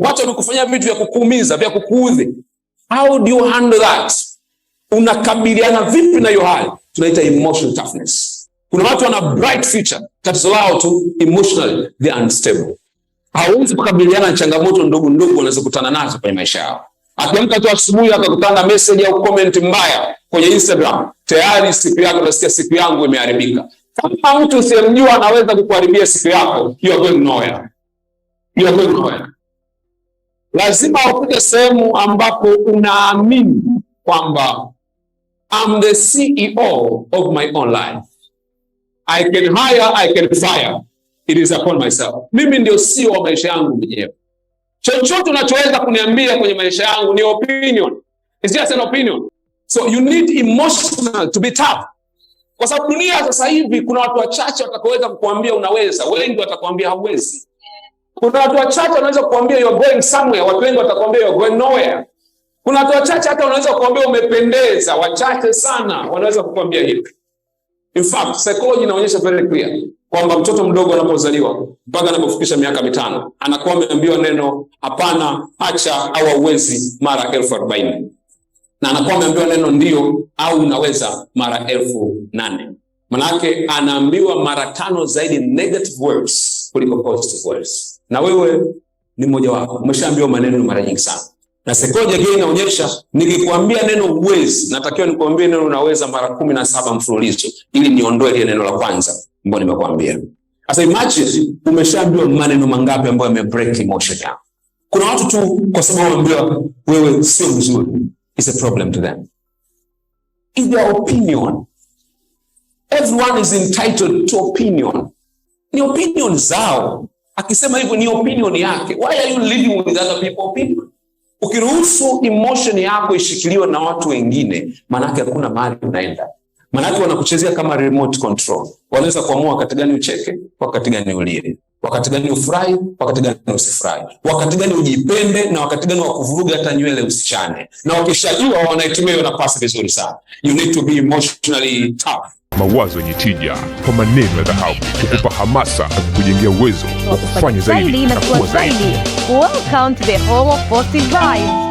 watu wamekufanyia vitu vya kukuumiza vya kukuudhi. How do you handle that? Unakabiliana vipi na hiyo hali? Tunaita emotional toughness. Kuna watu wana bright future, tatizo lao tu emotionally they are unstable. Hawezi kukabiliana na changamoto ndogo ndogo wanazokutana nazo kwenye maisha yao. Akiamka tu asubuhi akakutana na message au comment mbaya kwenye Instagram, tayari siku yako utasikia siku yangu imeharibika. Kama mtu usiyemjua anaweza kukuharibia siku yako, you are going nowhere. You are going nowhere lazima ukute sehemu ambapo unaamini kwamba I'm the CEO of my own life. I can hire, I can fire. It is upon myself. Mimi ndio CEO wa maisha yangu mwenyewe. Chochote unachoweza kuniambia kwenye maisha yangu ni opinion. It's just an opinion. So you need emotional to be tough. Kwa sababu dunia sasa hivi kuna watu wachache watakaoweza kukuambia unaweza, wengi watakwambia hauwezi. Kuna watu wachache wanaweza kuambia you are going somewhere, watu wengi watakwambia you are going nowhere. Kuna watu wachache hata wanaweza kuambia umependeza, wachache sana wanaweza kukuambia hivyo. In fact, psychology inaonyesha very clear kwamba mtoto mdogo anapozaliwa mpaka anapofikisha miaka mitano anakuwa ameambiwa neno hapana, acha au hauwezi mara elfu arobaini na anakuwa ameambiwa neno ndio au unaweza mara elfu nane Manake anaambiwa mara tano zaidi negative words kuliko positive words na wewe ni mmoja wako, umeshaambiwa maneno mara nyingi sana. Na sekoja gani inaonyesha, nikikwambia neno uwezi, natakiwa nikwambie neno unaweza mara kumi na saba mfululizo ili niondoe ile neno la kwanza ambayo nimekwambia. Sasa imagine umeshaambiwa maneno mangapi ambayo yame break emotion yako. Kuna watu tu kwa sababu waambiwa wewe sio mzuri, is a problem to them. is their opinion. Everyone is entitled to opinion. Ni opinion zao. Akisema hivyo ni opinion yake. Why are you living with other people opinion? Ukiruhusu emotion yako ishikiliwe na watu wengine, maanake hakuna mahali unaenda, maanake wanakuchezea kama remote control. Wanaweza kuamua wakati gani ucheke, wakati gani ulie, wakati gani ufurahi, wakati gani usifurahi, wakati gani ujipende na wakati gani wakuvuruga hata nywele usichane. Na wakishajua wanaitumia hiyo nafasi vizuri sana. You need to be emotionally tough mawazo yenye tija kwa maneno ya dhahabu kukupa hamasa na kukujengea uwezo wa kufanya zaidi na kuwa zaidi. Welcome to the home of positive vibes.